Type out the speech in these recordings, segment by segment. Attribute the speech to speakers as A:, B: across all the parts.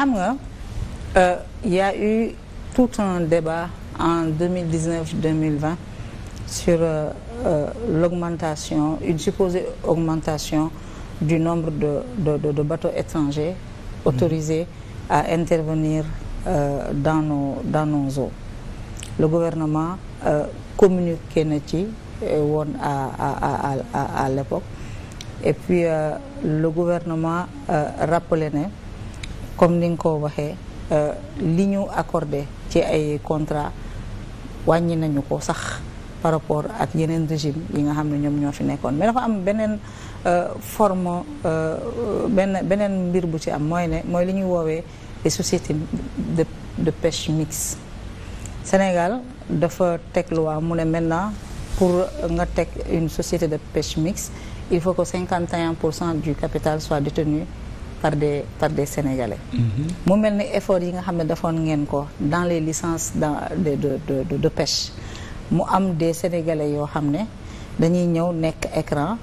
A: xam nga euh, il y a eu tout un débat en 2019 2020 sur euh, euh, l'augmentation une supposée augmentation du nombre de de de, de bateaux étrangers autorisés à intervenir euh, dans nos dans nos eaux le gouvernement euh, communiqué na euh, à l'époque et le gouvernement rappelé comme ni nga ko waxee euh, li ñu accordé ci ay contrat wàññi nañu ko sax par rapport ak yeneen régime yi nga xam ne ñoom ñoo fi nekkoon mais dafa am beneen euh, forme euh, benn beneen mbir bu ci am mooy ne mooy li ñuy woowee les sociétés de de pêche mixte Sénégal dafa teg loi mu ne maintenant pour nga teg une société de pêche mixte il faut que 51 pour cent du capital soit détenu par des par des sénégalais. Mhm. mu mel ni effort yi nga xam ne defoon ngeen ko dans les licences dans de de de de pêche mu am des sénégalais yoo xam ne dañuy ñëw nekk écran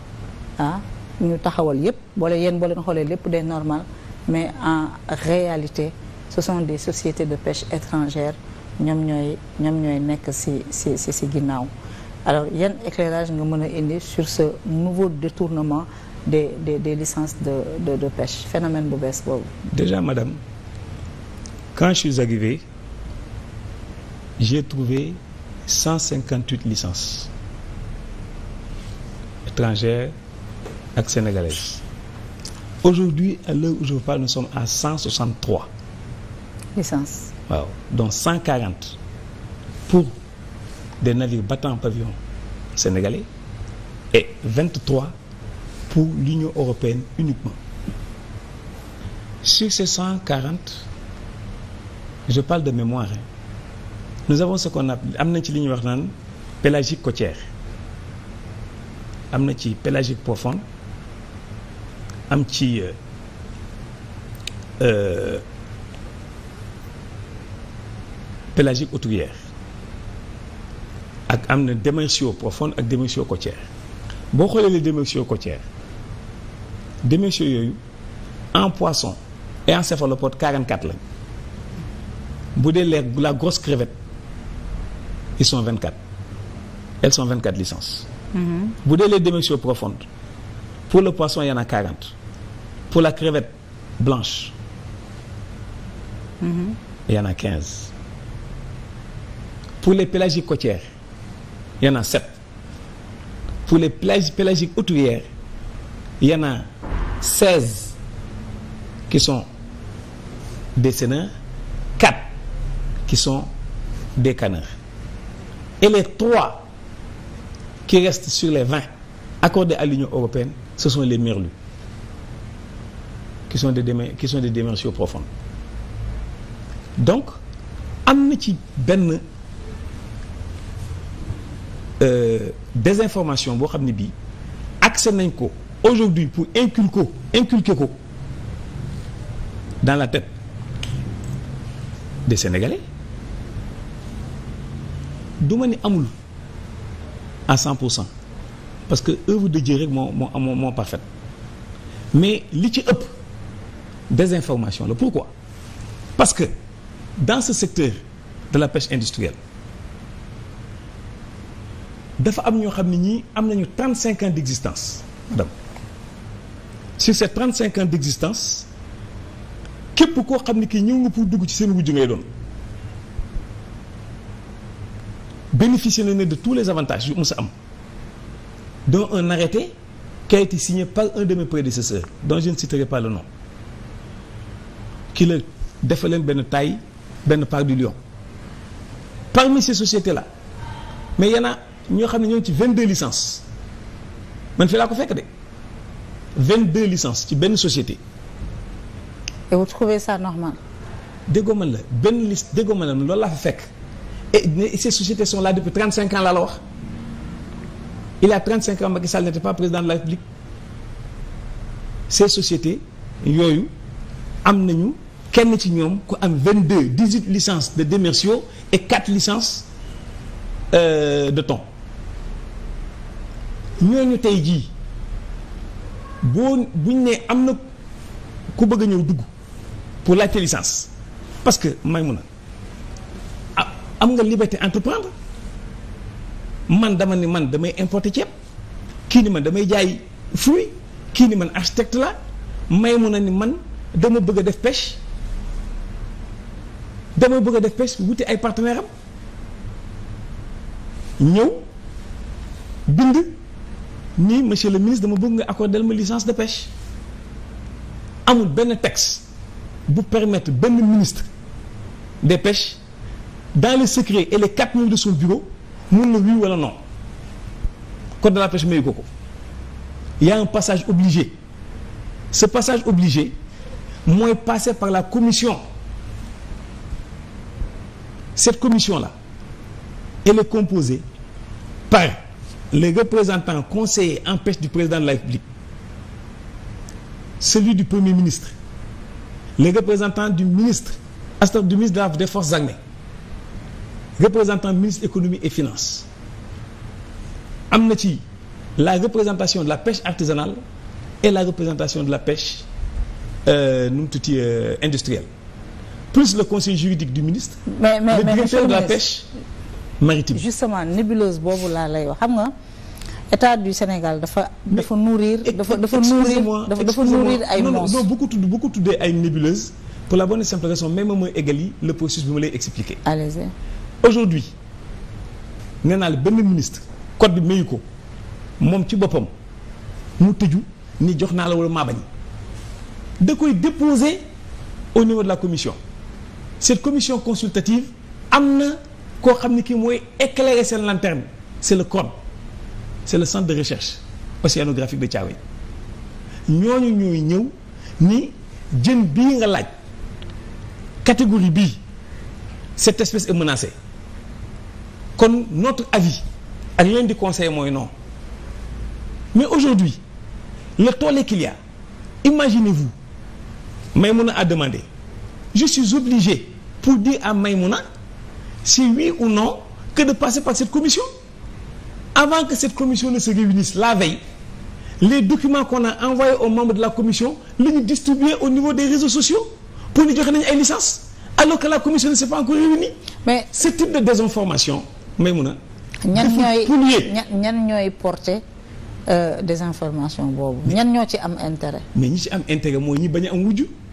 A: ah ñu taxawal yëpp boole yéen boo leen xoolee lépp day normal mais en réalité ce sont des sociétés de pêche étrangères ñoom ñooy ñoom ñooy nekk ci ci ci ci ginnaaw alors yan éclairage nga mën a indi sur ce nouveau détournement. des des des licences de de de pêche phénomène bu bees boobu.
B: déjà madame quand je suis arrivé j'ai trouvé cent cinquante huit licences étrangères ak sénégalaises aujourd'hui à l'heure où je vous parle sommes à cent soixante trois. waaw donc cent quarante pour des navires battant pavillon sénégalais et pour l'Union européenne uniquement. Sur cent quarante je parle de mémoire, hein, nous avons ce qu'on appelle, am na ci li ñuy wax naan pélagique côtière am na ci pélagique profonde am ci euh, euh, pélagique hauturière ak am na démersio profonde ak démersio côtière boo xoolee les démersio côtière démétiaux yooyu en poisson et en céphalopode 44 lañ bu dee les la grosse crevette ils sont 24 elles sont 24 licences. Mm-hmm. bu dee les démétiaux profondes pour le poisson il y en pour la crevette blanche. Mm-hmm. il y pour les pélagiques côtières il y pour les pélagiques pélagiques hauturières seize qui sont des seineurs quatre qui sont des canneurs et les trois qui restent sur les vingt accordés à l'Union européenne ce sont les merlus qui sont des démer qui des démerciaux profonds donc am na ci benn euh, désinformation boo xam ne bi accès nañ ko. aujourd'hui pour inculquer ko inculquer ko dans la tête de Sénégalais du ma ni amul à cent pour cent parce que œuvre de Dieu rek moo moo moo parfaite mais li ci ëpp désinformation la pourquoi parce que dans ce secteur de la pêche industrielle dafa am ñoo xam ne ñii am nañu 35 ans d'existence sur ces 35 ans d'existence képp koo xam ne kii ñëw nga pour dugg ci seen wujj ngay doon bénéficier na ne de tous les avantages yu mu sa am dont un arrêté qui a été signé par un de mes prédécesseurs dont je ne citerai pas le nom ki leen benn tay benn part du lion parmi ces sociétés là mais yana ñoo xam ne ñoo ci vingt 22 licences man fi laa ko fekk de. vingt deux licences ci benn société. et vous trouvez ça normal. déggoo man la benn liste déggoo man la loolu laa fa fekk et ces sociétés sont là depuis 35 ans laa la wax il y a 35 ans Macky Sall n'était pas président de la République ces sociétés yooyu am nañu kenn ci ñoom ku am 22 18 licences de démerciaux et 4 licences euh, de thon ñooñu tey jii. boo buñ nee am na ku bëgg a ñëw dugg pour la licence parce que may mun a ah, am nga liberté entreprendre man dama ni man damay importer ceeb kii ni man damay jaay fruit kii ni man architecte la may mun a ni man dama bëgg a def pêche dama bëgg a def pêche wuti ay partenaire am ñëw bind ni monsieur le ministre dama bëgg nga accordel ma licence de pêche amul benn texte bu permettre benn ministre des pêches dans le secret et les quatre murs de son bureau mun na oui wala non code de la pêche mayu ko ko y a un passage obligé ce passage obligé mooy passé par la commission cette commission la elle est composée par le les représentants en empêchent du président de la République celui du premier ministre les représentants du ministre astaf du ministre des forces armées représentant ministre économie et finance am na ci la représentation de la pêche artisanale et la représentation de la pêche euh, nu mu tuuti euh, industrielle plus le conseil juridique du ministre mais mais mais de la pêche maritime justement
A: nébuleuse boobu laa lay wax xam nga état du Sénégal dafa dafa nourrir dafa dafa nourrir dafa nourrir ay monstres non bu
B: ko tudd bu ko tuddee ay nébuleuse pour la bonne et simple raison même mooy égal yi le processus bi ma lay expliquer allez-y aujourd'hui nee naa la benn ministre code bi mayu ko moom ci boppam mu tëju ni jox naa la wala maa bañ da koy déposer au niveau de la commission cette commission consultative am na koo xam ne kii mooy éclairer seen lanterne c' le CRON c' le centre de recherche océanographique de Thiaroye ñooñu ñuy ñëw ni jën bii nga laaj catégorie bii cette espèce est menacée kon notre avis ak leen di conseil mooy non mais aujourd'hui le tollé qu'il y a imaginez-vous Maïmouna a demandé je suis obligé pour dire à may Maïmouna si oui ou non que de passer par cette commission avant que cette commission ne se réunisse la veille les documents qu'on a envoyés aux membres de la commission la ñu distribuer au niveau des réseaux sociaux pour ñu joxe nañu ay licences alors que la commission ne s'est pas encore réunie. mais ce type de désinformation Maïmouna.
A: ñan ñooy ñan ñooy porter euh, désinformation boobu. ñan ñoo ci am intérêt.
B: mais ñi ci am intérêt mooy ñi bañ a am wujju.